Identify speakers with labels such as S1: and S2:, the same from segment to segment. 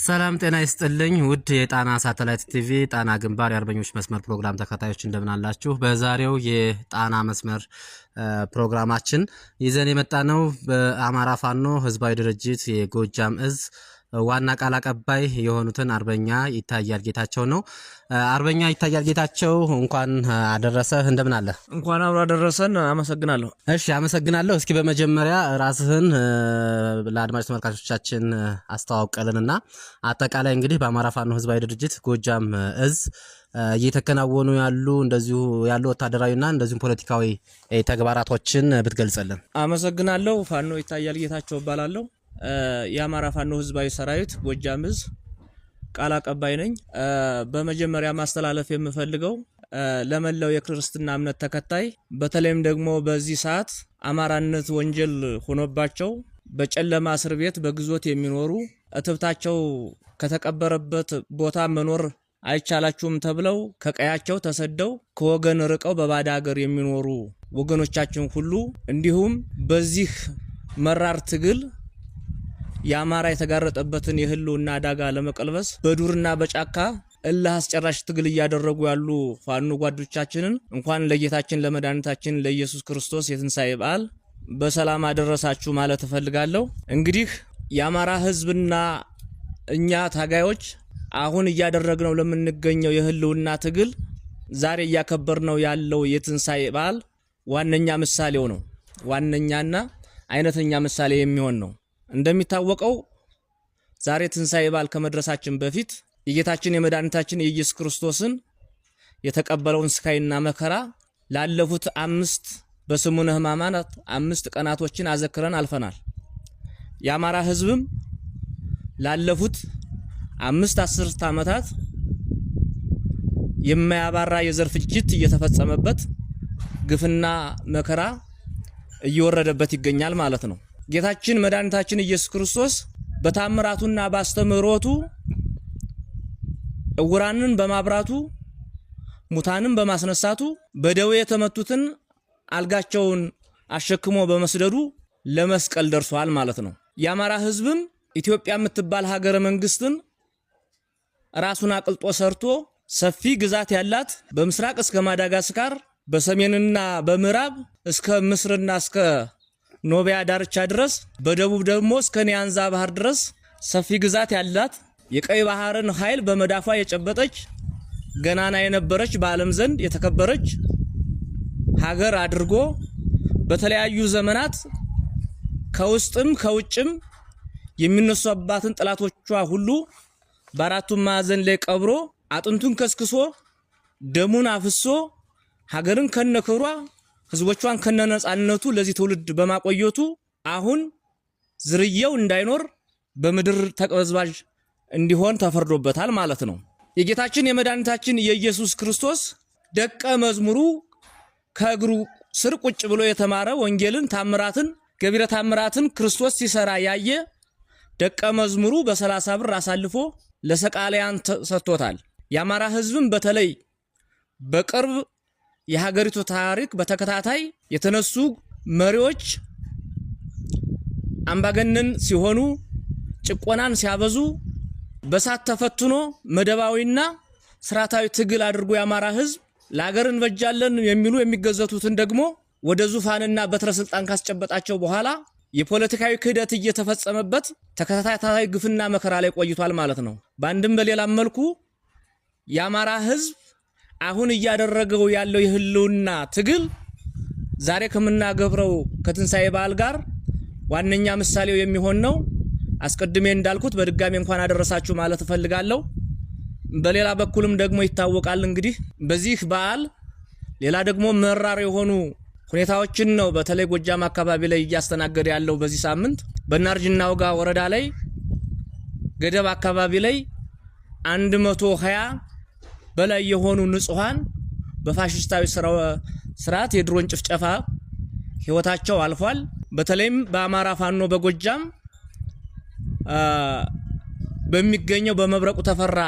S1: ሰላም ጤና ይስጥልኝ ውድ የጣና ሳተላይት ቲቪ ጣና ግንባር የአርበኞች መስመር ፕሮግራም ተከታዮች እንደምናላችሁ። በዛሬው የጣና መስመር ፕሮግራማችን ይዘን የመጣ ነው በአማራ ፋኖ ህዝባዊ ድርጅት የጎጃም እዝ ዋና ቃል አቀባይ የሆኑትን አርበኛ ይታያል ጌታቸው ነው። አርበኛ ይታያል ጌታቸው እንኳን አደረሰህ። እንደምን አለ?
S2: እንኳን አብሮ አደረሰን። አመሰግናለሁ።
S1: እሺ አመሰግናለሁ። እስኪ በመጀመሪያ ራስህን ለአድማጭ ተመልካቾቻችን አስተዋውቀልንና አጠቃላይ እንግዲህ በአማራ ፋኖ ህዝባዊ ድርጅት ጎጃም እዝ እየተከናወኑ ያሉ እንደዚሁ ያሉ ወታደራዊና እንደዚሁም ፖለቲካዊ ተግባራቶችን ብትገልጽልን።
S2: አመሰግናለሁ። ፋኖ ይታያል ጌታቸው እባላለሁ። የአማራ ፋኖ ህዝባዊ ሰራዊት ጎጃም እዝ ቃል አቀባይ ነኝ። በመጀመሪያ ማስተላለፍ የምፈልገው ለመላው የክርስትና እምነት ተከታይ በተለይም ደግሞ በዚህ ሰዓት አማራነት ወንጀል ሆኖባቸው በጨለማ እስር ቤት በግዞት የሚኖሩ እትብታቸው ከተቀበረበት ቦታ መኖር አይቻላችሁም ተብለው ከቀያቸው ተሰደው ከወገን ርቀው በባዳ ሀገር የሚኖሩ ወገኖቻችን ሁሉ እንዲሁም በዚህ መራር ትግል የአማራ የተጋረጠበትን የህልውና አደጋ ለመቀልበስ በዱርና በጫካ እልህ አስጨራሽ ትግል እያደረጉ ያሉ ፋኖ ጓዶቻችንን እንኳን ለጌታችን ለመድኃኒታችን ለኢየሱስ ክርስቶስ የትንሣኤ በዓል በሰላም አደረሳችሁ ማለት እፈልጋለሁ። እንግዲህ የአማራ ህዝብና እኛ ታጋዮች አሁን እያደረግነው ለምንገኘው የህልውና ትግል ዛሬ እያከበርነው ያለው የትንሣኤ በዓል ዋነኛ ምሳሌው ነው። ዋነኛና አይነተኛ ምሳሌ የሚሆን ነው። እንደሚታወቀው ዛሬ ትንሣኤ በዓል ከመድረሳችን በፊት የጌታችን የመድኃኒታችን የኢየሱስ ክርስቶስን የተቀበለውን ስቃይና መከራ ላለፉት አምስት በሰሙነ ሕማማት አምስት ቀናቶችን አዘክረን አልፈናል። የአማራ ሕዝብም ላለፉት አምስት አስርት ዓመታት የማያባራ የዘር ፍጅት እየተፈጸመበት ግፍና መከራ እየወረደበት ይገኛል ማለት ነው። ጌታችን መድኃኒታችን ኢየሱስ ክርስቶስ በታምራቱና ባስተምህሮቱ እውራንን በማብራቱ ሙታንን በማስነሳቱ በደዌ የተመቱትን አልጋቸውን አሸክሞ በመስደዱ ለመስቀል ደርሷል ማለት ነው። የአማራ ሕዝብም ኢትዮጵያ የምትባል ሀገረ መንግስትን ራሱን አቅልጦ ሰርቶ ሰፊ ግዛት ያላት በምስራቅ እስከ ማዳጋስካር በሰሜንና በምዕራብ እስከ ምስርና እስከ ኖቢያ ዳርቻ ድረስ፣ በደቡብ ደግሞ እስከ ኒያንዛ ባህር ድረስ ሰፊ ግዛት ያላት የቀይ ባህርን ኃይል በመዳፏ የጨበጠች ገናና የነበረች በዓለም ዘንድ የተከበረች ሀገር አድርጎ በተለያዩ ዘመናት ከውስጥም ከውጭም የሚነሷባትን ጠላቶቿ ሁሉ በአራቱም ማዕዘን ላይ ቀብሮ አጥንቱን ከስክሶ ደሙን አፍሶ ሀገርን ከነክብሯ ህዝቦቿን ከነነፃነቱ ለዚህ ትውልድ በማቆየቱ አሁን ዝርየው እንዳይኖር በምድር ተቅበዝባዥ እንዲሆን ተፈርዶበታል ማለት ነው። የጌታችን የመድኃኒታችን የኢየሱስ ክርስቶስ ደቀ መዝሙሩ ከእግሩ ስር ቁጭ ብሎ የተማረ ወንጌልን፣ ታምራትን፣ ገቢረ ታምራትን ክርስቶስ ሲሰራ ያየ ደቀ መዝሙሩ በሰላሳ ብር አሳልፎ ለሰቃላያን ሰጥቶታል። የአማራ ህዝብም በተለይ በቅርብ የሀገሪቱ ታሪክ በተከታታይ የተነሱ መሪዎች አምባገነን ሲሆኑ፣ ጭቆናን ሲያበዙ፣ በሳት ተፈትኖ መደባዊና ስርዓታዊ ትግል አድርጎ የአማራ ህዝብ ለሀገር እንበጃለን የሚሉ የሚገዘቱትን ደግሞ ወደ ዙፋንና በትረ ስልጣን ካስጨበጣቸው በኋላ የፖለቲካዊ ክህደት እየተፈጸመበት ተከታታይ ግፍና መከራ ላይ ቆይቷል ማለት ነው። በአንድም በሌላም መልኩ የአማራ ህዝብ አሁን እያደረገው ያለው የህልውና ትግል ዛሬ ከምናገብረው ከትንሣኤ በዓል ጋር ዋነኛ ምሳሌው የሚሆን ነው። አስቀድሜ እንዳልኩት በድጋሚ እንኳን አደረሳችሁ ማለት እፈልጋለሁ። በሌላ በኩልም ደግሞ ይታወቃል እንግዲህ በዚህ በዓል ሌላ ደግሞ መራር የሆኑ ሁኔታዎችን ነው በተለይ ጎጃም አካባቢ ላይ እያስተናገደ ያለው። በዚህ ሳምንት በናርጅና ውጋ ወረዳ ላይ ገደብ አካባቢ ላይ 120 በላይ የሆኑ ንጹሐን በፋሽስታዊ ስርዓት የድሮን ጭፍጨፋ ህይወታቸው አልፏል። በተለይም በአማራ ፋኖ በጎጃም በሚገኘው በመብረቁ ተፈራ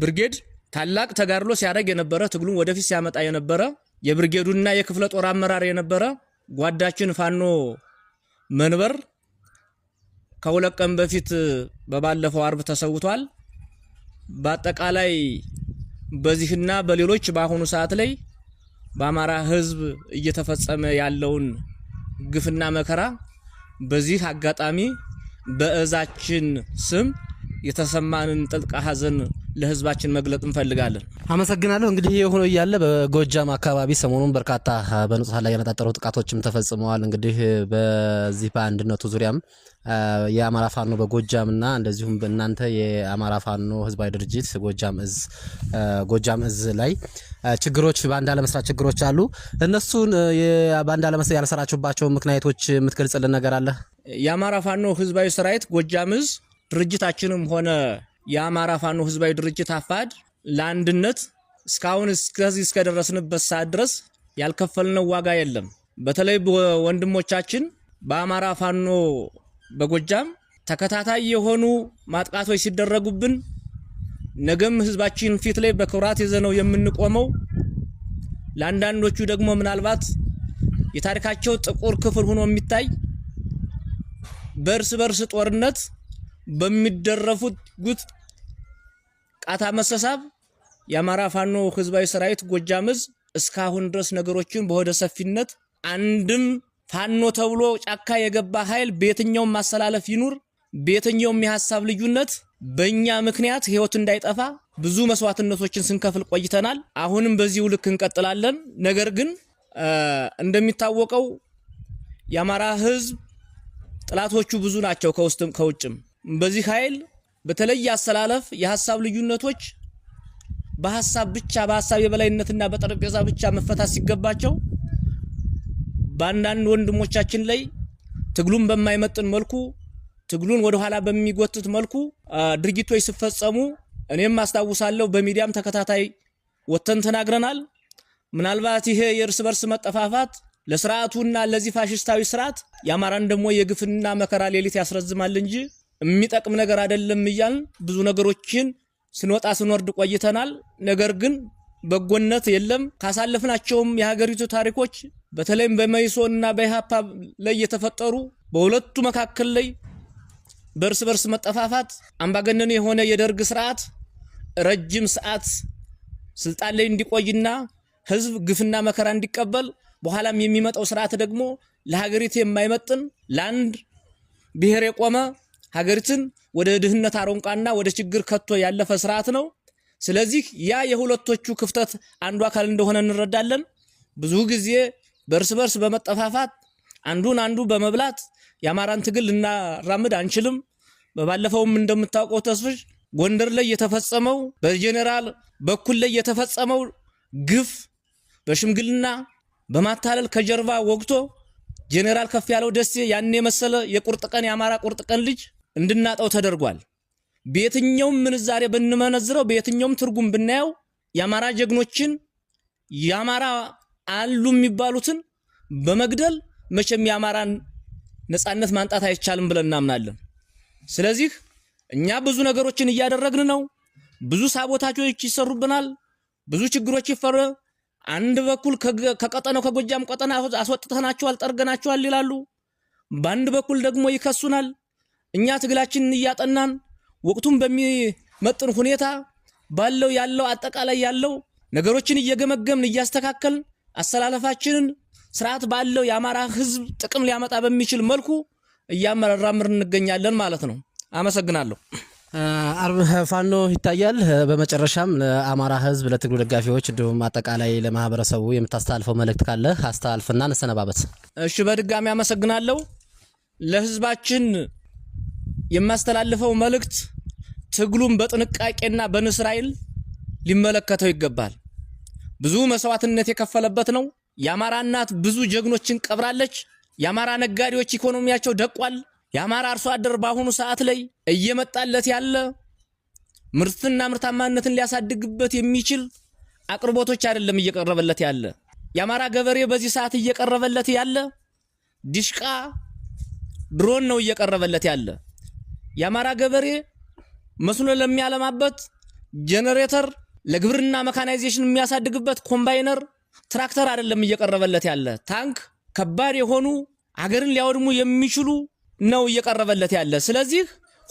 S2: ብርጌድ ታላቅ ተጋድሎ ሲያደርግ የነበረ ትግሉን ወደፊት ሲያመጣ የነበረ የብርጌዱና የክፍለ ጦር አመራር የነበረ ጓዳችን ፋኖ መንበር ከሁለት ቀን በፊት በባለፈው አርብ ተሰውቷል። በአጠቃላይ በዚህና በሌሎች በአሁኑ ሰዓት ላይ በአማራ ሕዝብ እየተፈጸመ ያለውን ግፍና መከራ በዚህ አጋጣሚ በእዛችን ስም የተሰማንን ጥልቅ ሐዘን ለህዝባችን መግለጥ እንፈልጋለን።
S1: አመሰግናለሁ። እንግዲህ የሆነ እያለ በጎጃም አካባቢ ሰሞኑን በርካታ በንጹሐን ላይ ያነጣጠሩ ጥቃቶችም ተፈጽመዋል። እንግዲህ በዚህ በአንድነቱ ዙሪያም የአማራ ፋኖ በጎጃምና እንደዚሁም በእናንተ የአማራ ፋኖ ህዝባዊ ድርጅት ጎጃም እዝ ጎጃም እዝ ላይ ችግሮች በአንድ አለመስራት ችግሮች አሉ። እነሱን በአንድ አለመስራት ያልሰራችሁባቸው ምክንያቶች የምትገልጽልን ነገር አለ?
S2: የአማራ ፋኖ ህዝባዊ ሰራዊት ጎጃም እዝ ድርጅታችንም ሆነ የአማራ ፋኖ ህዝባዊ ድርጅት አፋድ ለአንድነት እስካሁን እስከዚህ እስከደረስንበት ሰዓት ድረስ ያልከፈልነው ዋጋ የለም። በተለይ ወንድሞቻችን በአማራ ፋኖ በጎጃም ተከታታይ የሆኑ ማጥቃቶች ሲደረጉብን ነገም ህዝባችን ፊት ላይ በክብራት ይዘነው የምንቆመው ለአንዳንዶቹ ደግሞ ምናልባት የታሪካቸው ጥቁር ክፍል ሆኖ የሚታይ በእርስ በርስ ጦርነት በሚደረፉት ጉት ቃታ መሰሳብ የአማራ ፋኖ ህዝባዊ ሰራዊት ጎጃም እዝ እስካሁን ድረስ ነገሮችን በሆደ ሰፊነት አንድም ፋኖ ተብሎ ጫካ የገባ ኃይል በየትኛውም ማሰላለፍ ይኑር በየትኛውም የሀሳብ ልዩነት በእኛ ምክንያት ህይወት እንዳይጠፋ ብዙ መስዋዕትነቶችን ስንከፍል ቆይተናል። አሁንም በዚሁ ልክ እንቀጥላለን። ነገር ግን እንደሚታወቀው የአማራ ህዝብ ጥላቶቹ ብዙ ናቸው፣ ከውስጥም ከውጭም በዚህ ኃይል በተለይ አሰላለፍ የሀሳብ ልዩነቶች በሀሳብ ብቻ በሀሳብ የበላይነትና በጠረጴዛ ብቻ መፈታት ሲገባቸው በአንዳንድ ወንድሞቻችን ላይ ትግሉን በማይመጥን መልኩ ትግሉን ወደኋላ በሚጎትት መልኩ ድርጊቶች ሲፈጸሙ እኔም አስታውሳለሁ። በሚዲያም ተከታታይ ወጥተን ተናግረናል። ምናልባት ይሄ የእርስ በርስ መጠፋፋት ለስርዓቱና ለዚህ ፋሽስታዊ ስርዓት የአማራን ደግሞ የግፍና መከራ ሌሊት ያስረዝማል እንጂ የሚጠቅም ነገር አይደለም እያልን ብዙ ነገሮችን ስንወጣ ስንወርድ ቆይተናል። ነገር ግን በጎነት የለም። ካሳለፍናቸውም የሀገሪቱ ታሪኮች በተለይም በመይሶን እና በኢሃፓ ላይ የተፈጠሩ በሁለቱ መካከል ላይ በእርስ በርስ መጠፋፋት አምባገነን የሆነ የደርግ ስርዓት ረጅም ሰዓት ስልጣን ላይ እንዲቆይና ህዝብ ግፍና መከራ እንዲቀበል በኋላም የሚመጣው ስርዓት ደግሞ ለሀገሪቱ የማይመጥን ለአንድ ብሔር የቆመ ሀገሪቱን ወደ ድህነት አረንቋና ወደ ችግር ከቶ ያለፈ ስርዓት ነው። ስለዚህ ያ የሁለቶቹ ክፍተት አንዱ አካል እንደሆነ እንረዳለን። ብዙ ጊዜ በእርስ በርስ በመጠፋፋት አንዱን አንዱ በመብላት የአማራን ትግል ልናራምድ አንችልም። በባለፈውም እንደምታውቀው ተስፍሽ ጎንደር ላይ የተፈጸመው በጄኔራል በኩል ላይ የተፈጸመው ግፍ በሽምግልና በማታለል ከጀርባ ወግቶ ጀኔራል ከፍ ያለው ደሴ ያን የመሰለ የቁርጥ ቀን የአማራ ቁርጥ ቀን ልጅ እንድናጣው ተደርጓል። በየትኛውም ምንዛሬ ብንመነዝረው፣ በየትኛውም ትርጉም ብናየው የአማራ ጀግኖችን የአማራ አሉ የሚባሉትን በመግደል መቼም የአማራን ነጻነት ማንጣት አይቻልም ብለን እናምናለን። ስለዚህ እኛ ብዙ ነገሮችን እያደረግን ነው። ብዙ ሳቦታጆች ይሰሩብናል። ብዙ ችግሮች ይፈረ አንድ በኩል ከቀጠነው ከጎጃም ቀጠና አስወጥተናቸዋል፣ ጠርገናቸዋል ይላሉ። በአንድ በኩል ደግሞ ይከሱናል። እኛ ትግላችንን እያጠናን ወቅቱን በሚመጥን ሁኔታ ባለው ያለው አጠቃላይ ያለው ነገሮችን እየገመገምን እያስተካከልን አሰላለፋችንን ስርዓት ባለው የአማራ ህዝብ ጥቅም ሊያመጣ በሚችል መልኩ እያመራመርን እንገኛለን ማለት ነው። አመሰግናለሁ።
S1: አርብ ፋኖ ይታያል። በመጨረሻም ለአማራ ህዝብ፣ ለትግሉ ደጋፊዎች እንዲሁም አጠቃላይ ለማህበረሰቡ የምታስተላልፈው መልእክት ካለ አስተላልፍና እንሰነባበት።
S2: እሺ፣ በድጋሚ አመሰግናለሁ ለህዝባችን የማስተላልፈው መልእክት ትግሉን በጥንቃቄና በንስራኤል ሊመለከተው ይገባል። ብዙ መስዋዕትነት የከፈለበት ነው። የአማራ እናት ብዙ ጀግኖችን ቀብራለች። የአማራ ነጋዴዎች ኢኮኖሚያቸው ደቋል። የአማራ አርሶ አደር በአሁኑ ሰዓት ላይ እየመጣለት ያለ ምርትና ምርታማነትን ሊያሳድግበት የሚችል አቅርቦቶች አይደለም እየቀረበለት ያለ። የአማራ ገበሬ በዚህ ሰዓት እየቀረበለት ያለ ዲሽቃ ድሮን ነው እየቀረበለት ያለ። የአማራ ገበሬ መስኖ ለሚያለማበት ጄኔሬተር ለግብርና መካናይዜሽን የሚያሳድግበት ኮምባይነር ትራክተር አይደለም እየቀረበለት ያለ ታንክ፣ ከባድ የሆኑ አገርን ሊያወድሙ የሚችሉ ነው እየቀረበለት ያለ። ስለዚህ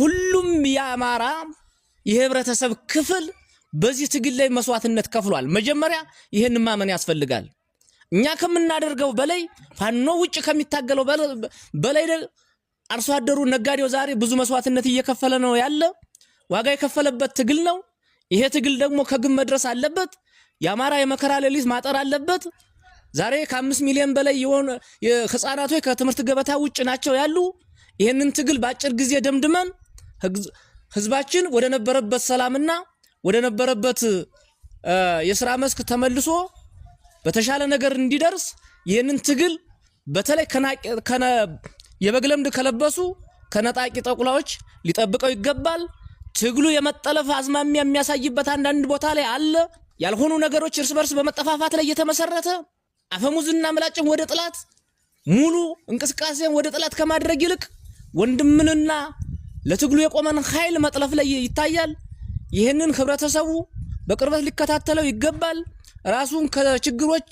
S2: ሁሉም የአማራ የህብረተሰብ ክፍል በዚህ ትግል ላይ መስዋዕትነት ከፍሏል። መጀመሪያ ይህን ማመን ያስፈልጋል። እኛ ከምናደርገው በላይ ፋኖ ውጭ ከሚታገለው በላይ አርሶ አደሩ ነጋዴው ዛሬ ብዙ መስዋዕትነት እየከፈለ ነው ያለ ዋጋ የከፈለበት ትግል ነው። ይሄ ትግል ደግሞ ከግብ መድረስ አለበት። የአማራ የመከራ ሌሊት ማጠር አለበት። ዛሬ ከአምስት ሚሊዮን በላይ የሆኑ ህጻናቶች ከትምህርት ገበታ ውጭ ናቸው ያሉ ይህንን ትግል በአጭር ጊዜ ደምድመን ህዝባችን ወደ ነበረበት ሰላምና ወደ ነበረበት የስራ መስክ ተመልሶ በተሻለ ነገር እንዲደርስ ይህንን ትግል በተለይ የበግ ለምድ ከለበሱ ከነጣቂ ጠቁላዎች ሊጠብቀው ይገባል። ትግሉ የመጠለፍ አዝማሚያ የሚያሳይበት አንዳንድ ቦታ ላይ አለ። ያልሆኑ ነገሮች እርስ በርስ በመጠፋፋት ላይ እየተመሰረተ አፈሙዝና ምላጭን ወደ ጥላት ሙሉ እንቅስቃሴን ወደ ጥላት ከማድረግ ይልቅ ወንድምንና ለትግሉ የቆመን ኃይል መጥለፍ ላይ ይታያል። ይህንን ህብረተሰቡ በቅርበት ሊከታተለው ይገባል። ራሱን ከችግሮች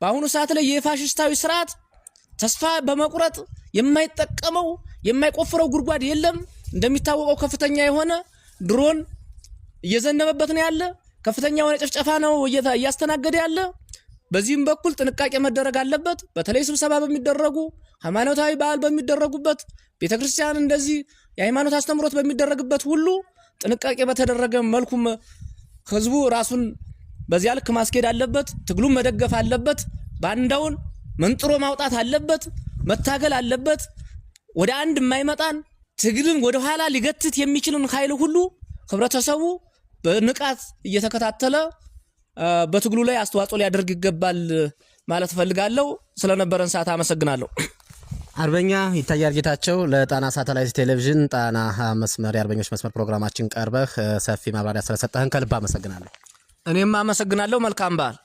S2: በአሁኑ ሰዓት ላይ የፋሽስታዊ ስርዓት ተስፋ በመቁረጥ የማይጠቀመው የማይቆፍረው ጉድጓድ የለም። እንደሚታወቀው ከፍተኛ የሆነ ድሮን እየዘነበበት ነው ያለ። ከፍተኛ የሆነ ጭፍጨፋ ነው እያስተናገደ ያለ። በዚህም በኩል ጥንቃቄ መደረግ አለበት። በተለይ ስብሰባ በሚደረጉ ሃይማኖታዊ በዓል በሚደረጉበት ቤተ ክርስቲያን እንደዚህ የሃይማኖት አስተምሮት በሚደረግበት ሁሉ ጥንቃቄ በተደረገ መልኩም ህዝቡ ራሱን በዚያ ልክ ማስኬድ አለበት። ትግሉም መደገፍ አለበት። ባንዳውን መንጥሮ ማውጣት አለበት፣ መታገል አለበት። ወደ አንድ የማይመጣን ትግልን ወደኋላ ሊገትት የሚችልን ኃይል ሁሉ ህብረተሰቡ በንቃት እየተከታተለ በትግሉ ላይ አስተዋጽኦ ሊያደርግ ይገባል ማለት እፈልጋለሁ። ስለነበረን ሰዓት አመሰግናለሁ።
S1: አርበኛ ይታያል ጌታቸው ለጣና ሳተላይት ቴሌቪዥን ጣና መስመር የአርበኞች መስመር ፕሮግራማችን ቀርበህ ሰፊ ማብራሪያ ስለሰጠህን ከልብ አመሰግናለሁ። እኔም አመሰግናለሁ። መልካም በዓል